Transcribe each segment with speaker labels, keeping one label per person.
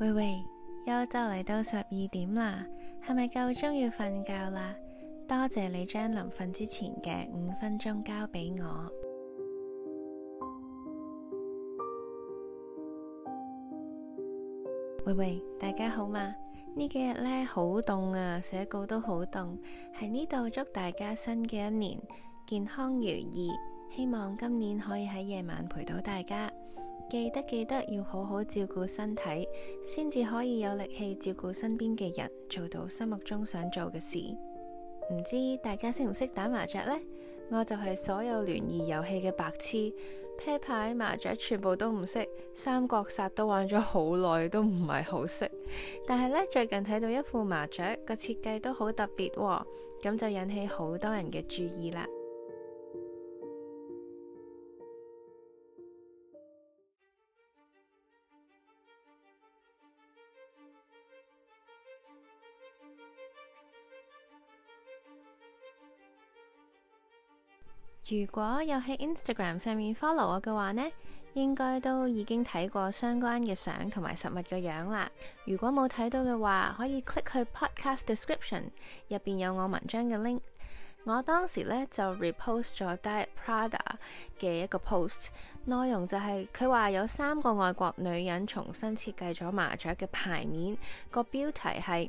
Speaker 1: 喂喂，又就嚟到十二點啦，係咪夠鐘要瞓覺啦？多謝你將臨瞓之前嘅五分鐘交俾我。 喂喂，大家好嘛？呢幾日呢，好凍啊，寫稿都好凍。喺呢度祝大家新嘅一年健康如意，希望今年可以喺夜晚陪到大家。記得記得要好好照顧身體，先至可以有力氣照顧身邊嘅人，做到心目中想做嘅事。唔知大家識唔識打麻雀呢？我就係所有聯誼遊戲嘅白痴，啤牌、麻雀全部都唔識，三國殺都玩咗好耐都唔係好識。但係呢，最近睇到一副麻雀，個設計都好特別喎，咁就引起好多人嘅注意啦。如果有喺 Instagram 上面 follow 我嘅話呢，應該都已經睇過相關嘅相同埋實物嘅樣啦。如果冇睇到嘅話，可以 click 去 podcast description 入邊有我文章嘅 link。我當時呢就 repost 咗 Diet Prada 嘅一個 post，內容就係佢話有三個外國女人重新設計咗麻雀嘅牌面，個標題係。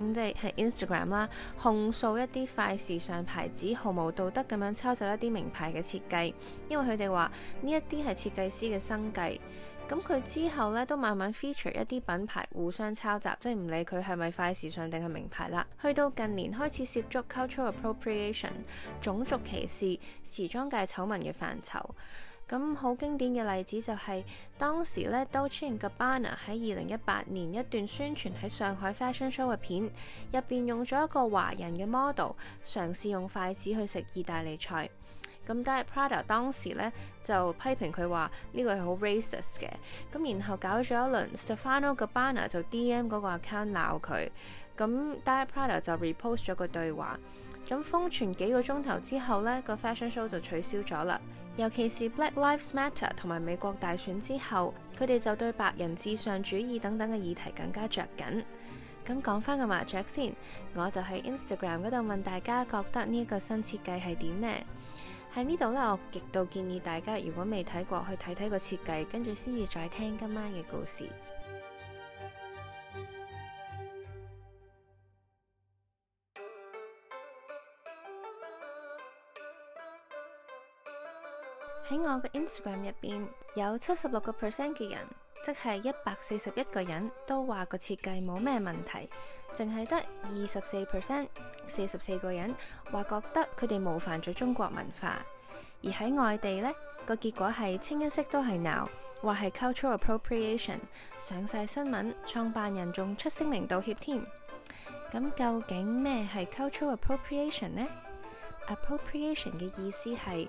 Speaker 1: 咁哋係 Instagram 啦，控訴一啲快時尚牌子毫無道德咁樣抄襲一啲名牌嘅設計，因為佢哋話呢一啲係設計師嘅生計。咁佢之後咧都慢慢 feature 一啲品牌互相抄襲，即係唔理佢係咪快時尚定係名牌啦。去到近年開始涉足 cultural appropriation、種族歧視、時裝界醜聞嘅範疇。咁好經典嘅例子就係當時咧，Dolce&Gabbana 喺二零一八年一段宣傳喺上海 fashion show 嘅片入邊，用咗一個華人嘅 model 嘗試用筷子去食意大利菜。咁 Diet Prada 當時咧就批評佢話呢個係好 racist 嘅。咁然後搞咗一輪，Stefano Gabbana 就 DM 嗰個 account 鬧佢。咁 Diet Prada 就 repost 咗個對話。咁封存幾個鐘頭之後呢，個 fashion show 就取消咗啦。尤其是 Black Lives Matter 同埋美國大選之後，佢哋就對白人至上主義等等嘅議題更加着緊。咁講翻個麻雀先，Jack, 我就喺 Instagram 嗰度問大家覺得呢一個新設計係點呢？喺呢度呢，我極度建議大家如果未睇過去睇睇個設計，跟住先至再聽今晚嘅故事。我嘅 Instagram 入邊有七十六個 percent 嘅人，即係一百四十一個人，都話個設計冇咩問題，淨係得二十四 percent，四十四個人話覺得佢哋冒犯咗中國文化。而喺外地呢，個結果係清一色都係鬧，話係 cultural appropriation，上晒新聞，創辦人仲出聲明道歉添。咁究竟咩係 cultural appropriation 呢？appropriation 嘅意思係。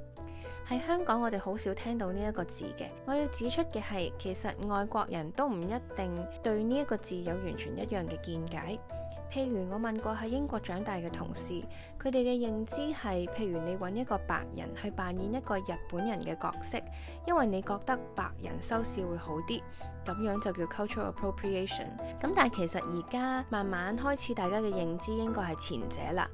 Speaker 1: 喺香港，我哋好少聽到呢一個字嘅。我要指出嘅係，其實外國人都唔一定對呢一個字有完全一樣嘅見解。譬如我問過喺英國長大嘅同事，佢哋嘅認知係，譬如你搵一個白人去扮演一個日本人嘅角色，因為你覺得白人收視會好啲，咁樣就叫 cultural appropriation。咁但係其實而家慢慢開始，大家嘅認知應該係前者啦。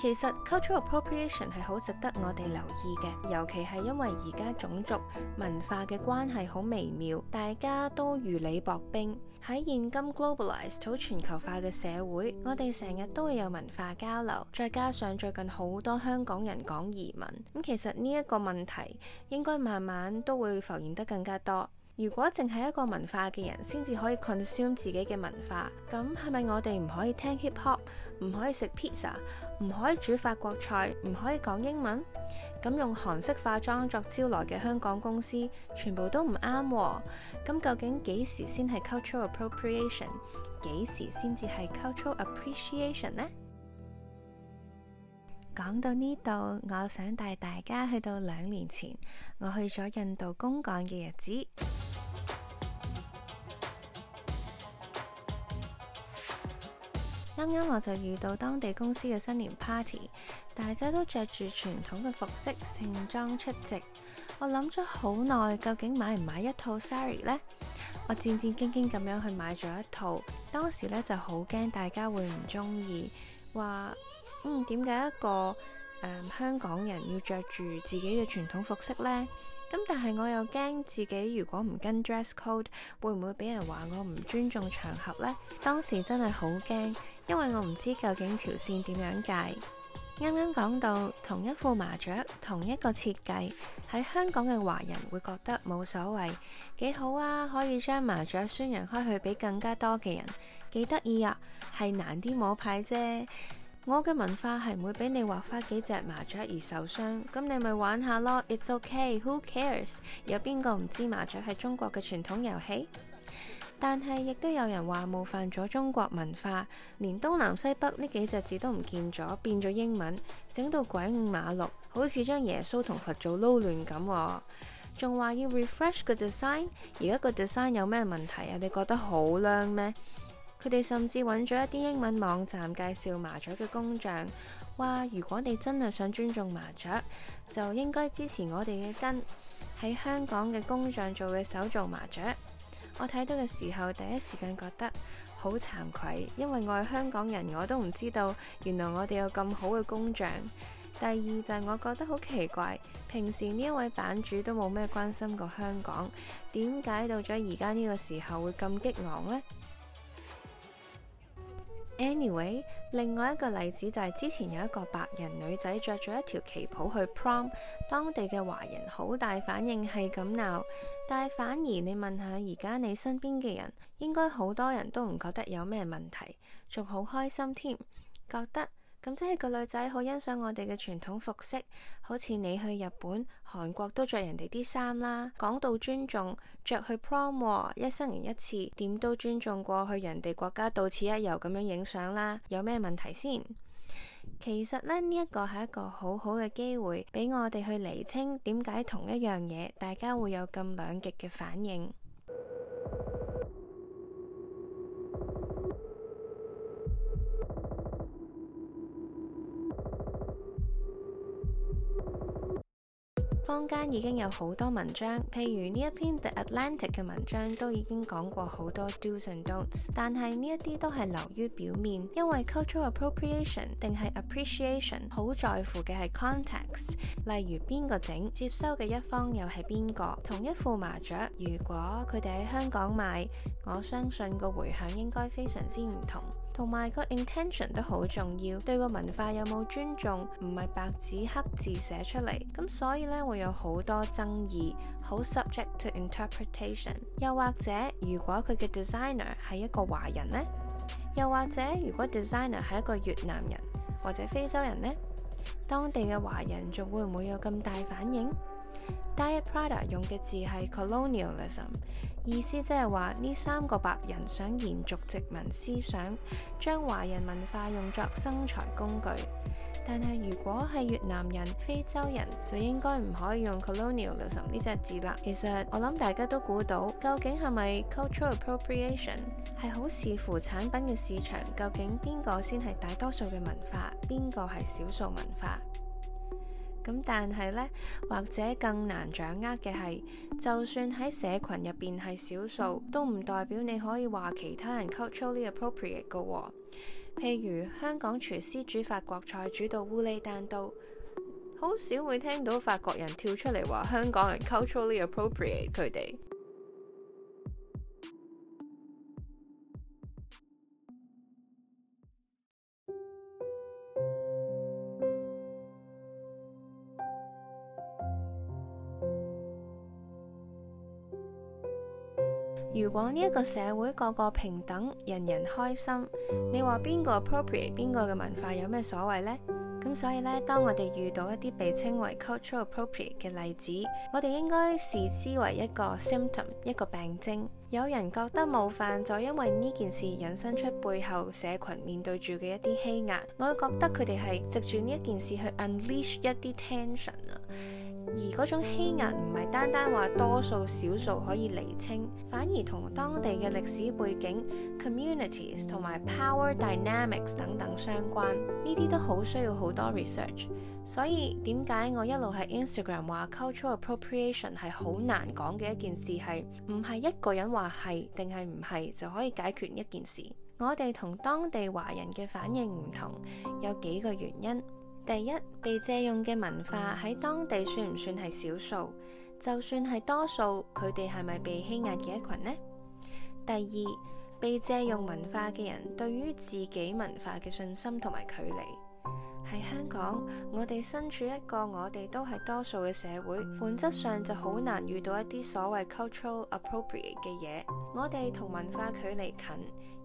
Speaker 1: 其實，cultural appropriation 係好值得我哋留意嘅，尤其係因為而家種族文化嘅關係好微妙，大家都如履薄冰。喺現今 globalised 好全球化嘅社會，我哋成日都會有文化交流，再加上最近好多香港人講移民咁、嗯，其實呢一個問題應該慢慢都會浮現得更加多。如果淨係一個文化嘅人先至可以 consume 自己嘅文化，咁係咪我哋唔可以聽 hip hop，唔可以食 pizza？唔可以煮法國菜，唔可以講英文，咁用韓式化妝作招來嘅香港公司，全部都唔啱喎。咁究竟幾時先係 cultural appropriation，幾時先至係 cultural appreciation 呢？講到呢度，我想帶大家去到兩年前，我去咗印度公幹嘅日子。啱啱我就遇到當地公司嘅新年 party，大家都着住傳統嘅服飾盛裝出席。我諗咗好耐，究竟買唔買一套 sari 呢？我戰戰兢兢咁樣去買咗一套，當時呢就好驚，大家會唔中意話，嗯點解一個、呃、香港人要着住自己嘅傳統服飾呢？咁但係我又驚自己如果唔跟 dress code，會唔會俾人話我唔尊重場合呢？當時真係好驚。因為我唔知究竟條線點樣解。啱啱講到同一副麻雀同一個設計，喺香港嘅華人會覺得冇所謂，幾好啊！可以將麻雀宣揚開去俾更加多嘅人，幾得意啊！係難啲摸牌啫，我嘅文化係唔會俾你畫翻幾隻麻雀而受傷，咁你咪玩下咯，it's okay，who cares？有邊個唔知麻雀係中國嘅傳統遊戲？但係，亦都有人話冒犯咗中國文化，連東南西北呢幾隻字都唔見咗，變咗英文，整到鬼五馬六，好似將耶穌同佛祖撈亂咁。仲話要 refresh 個 design，而家個 design 有咩問題啊？你覺得好靚咩？佢哋甚至揾咗一啲英文網站介紹麻雀嘅工匠，話如果你真係想尊重麻雀，就應該支持我哋嘅根喺香港嘅工匠做嘅手做麻雀。我睇到嘅時候，第一時間覺得好慚愧，因為我係香港人，我都唔知道原來我哋有咁好嘅工匠。第二就係我覺得好奇怪，平時呢一位版主都冇咩關心過香港，點解到咗而家呢個時候會咁激昂呢？Anyway，另外一個例子就係之前有一個白人女仔着咗一條旗袍去 Prom，當地嘅華人好大反應係咁鬧，但係反而你問下而家你身邊嘅人，應該好多人都唔覺得有咩問題，仲好開心添，覺得。咁即係個女仔好欣賞我哋嘅傳統服飾，好似你去日本、韓國都着人哋啲衫啦，講到尊重，着去 prom，ow, 一生人一次，點都尊重過去人哋國家到此一遊咁樣影相啦，有咩問題先？其實呢，呢、這個、一個係一個好好嘅機會，俾我哋去厘清點解同一樣嘢，大家會有咁兩極嘅反應。坊間已經有好多文章，譬如呢一篇《The Atlantic》嘅文章都已經講過好多 dos and don'ts，但係呢一啲都係流於表面，因為 cultural appropriation 定係 appreciation 好在乎嘅係 context，例如邊個整，接收嘅一方又係邊個，同一副麻雀，如果佢哋喺香港買，我相信個回響應該非常之唔同。同埋個 intention 都好重要，對個文化有冇尊重，唔係白紙黑字寫出嚟，咁所以呢，會有好多爭議，好 subject to interpretation。又或者如果佢嘅 designer 係一個華人呢？又或者如果 designer 係一個越南人或者非洲人呢？當地嘅華人仲會唔會有咁大反應？Diet Prada 用嘅字係 colonialism，意思即係話呢三個白人想延續殖民思想，將華人文化用作生財工具。但係如果係越南人、非洲人，就應該唔可以用 colonialism 呢隻字啦。其實我諗大家都估到，究竟係咪 cultural appropriation 係好視乎產品嘅市場，究竟邊個先係大多數嘅文化，邊個係少數文化？咁但係呢，或者更難掌握嘅係，就算喺社群入邊係少數，都唔代表你可以話其他人 culturally appropriate 㗎喎、哦。譬如香港廚師煮法國菜煮到烏厘單刀，好少會聽到法國人跳出嚟話香港人 culturally appropriate 佢哋。如果呢一個社會個個平等，人人開心，你話邊個 appropriate 邊個嘅文化有咩所謂呢？咁所以呢，當我哋遇到一啲被稱為 cultural appropriate 嘅例子，我哋應該視之為一個 symptom，一個病徵。有人覺得冒犯，就因為呢件事引申出背後社群面對住嘅一啲欺壓。我會覺得佢哋係藉住呢一件事去 unleash 一啲 tension 啊。而嗰種欺壓唔係單單話多數少數可以釐清，反而同當地嘅歷史背景、communities 同埋 power dynamics 等等相關。呢啲都好需要好多 research。所以點解我一路喺 Instagram 話 cultural appropriation 係好難講嘅一件事，係唔係一個人話係定係唔係就可以解決一件事？我哋同當地華人嘅反應唔同，有幾個原因。第一，被借用嘅文化喺當地算唔算係少數？就算係多數，佢哋係咪被欺壓嘅一群呢？第二，被借用文化嘅人對於自己文化嘅信心同埋距離。喺香港，我哋身處一個我哋都係多數嘅社會，本質上就好難遇到一啲所謂 cultural appropriate 嘅嘢。我哋同文化距離近。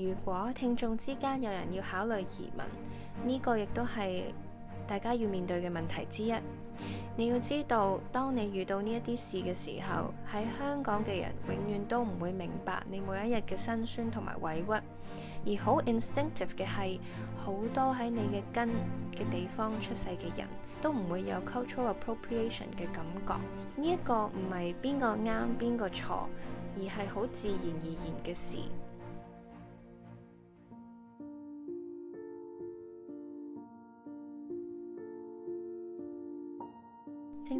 Speaker 1: 如果聽眾之間有人要考慮移民，呢個亦都係大家要面對嘅問題之一。你要知道，當你遇到呢一啲事嘅時候，喺香港嘅人永遠都唔會明白你每一日嘅辛酸同埋委屈。而好 instinctive 嘅係，好多喺你嘅根嘅地方出世嘅人都唔會有 cultural appropriation 嘅感覺。呢一個唔係邊個啱邊個錯，而係好自然而然嘅事。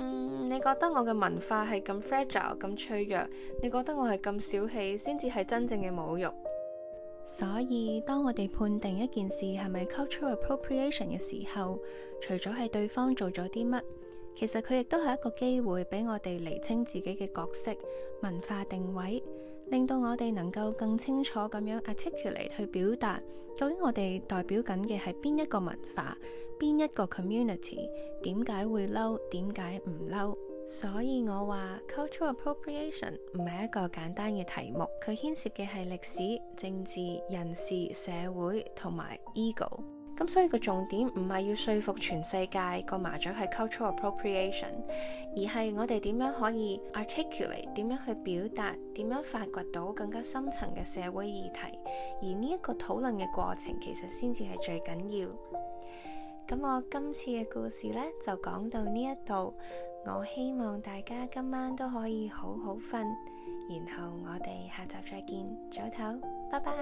Speaker 1: 嗯，你覺得我嘅文化係咁 fragile，咁脆弱？你覺得我係咁小氣，先至係真正嘅侮辱？所以當我哋判定一件事係咪 cultural appropriation 嘅時候，除咗係對方做咗啲乜，其實佢亦都係一個機會俾我哋釐清自己嘅角色、文化定位。令到我哋能夠更清楚咁樣 articulate 去表達，究竟我哋代表緊嘅係邊一個文化、邊一個 community，點解會嬲、點解唔嬲？所以我話 cultural appropriation 唔係一個簡單嘅題目，佢牽涉嘅係歷史、政治、人事、社會同埋 ego。咁所以個重點唔係要說服全世界個麻雀係 cultural appropriation，而係我哋點樣可以 articulate，點樣去表達，點樣發掘到更加深層嘅社會議題，而呢一個討論嘅過程其實先至係最緊要。咁我今次嘅故事呢就講到呢一度，我希望大家今晚都可以好好瞓，然後我哋下集再見，早唞，拜拜。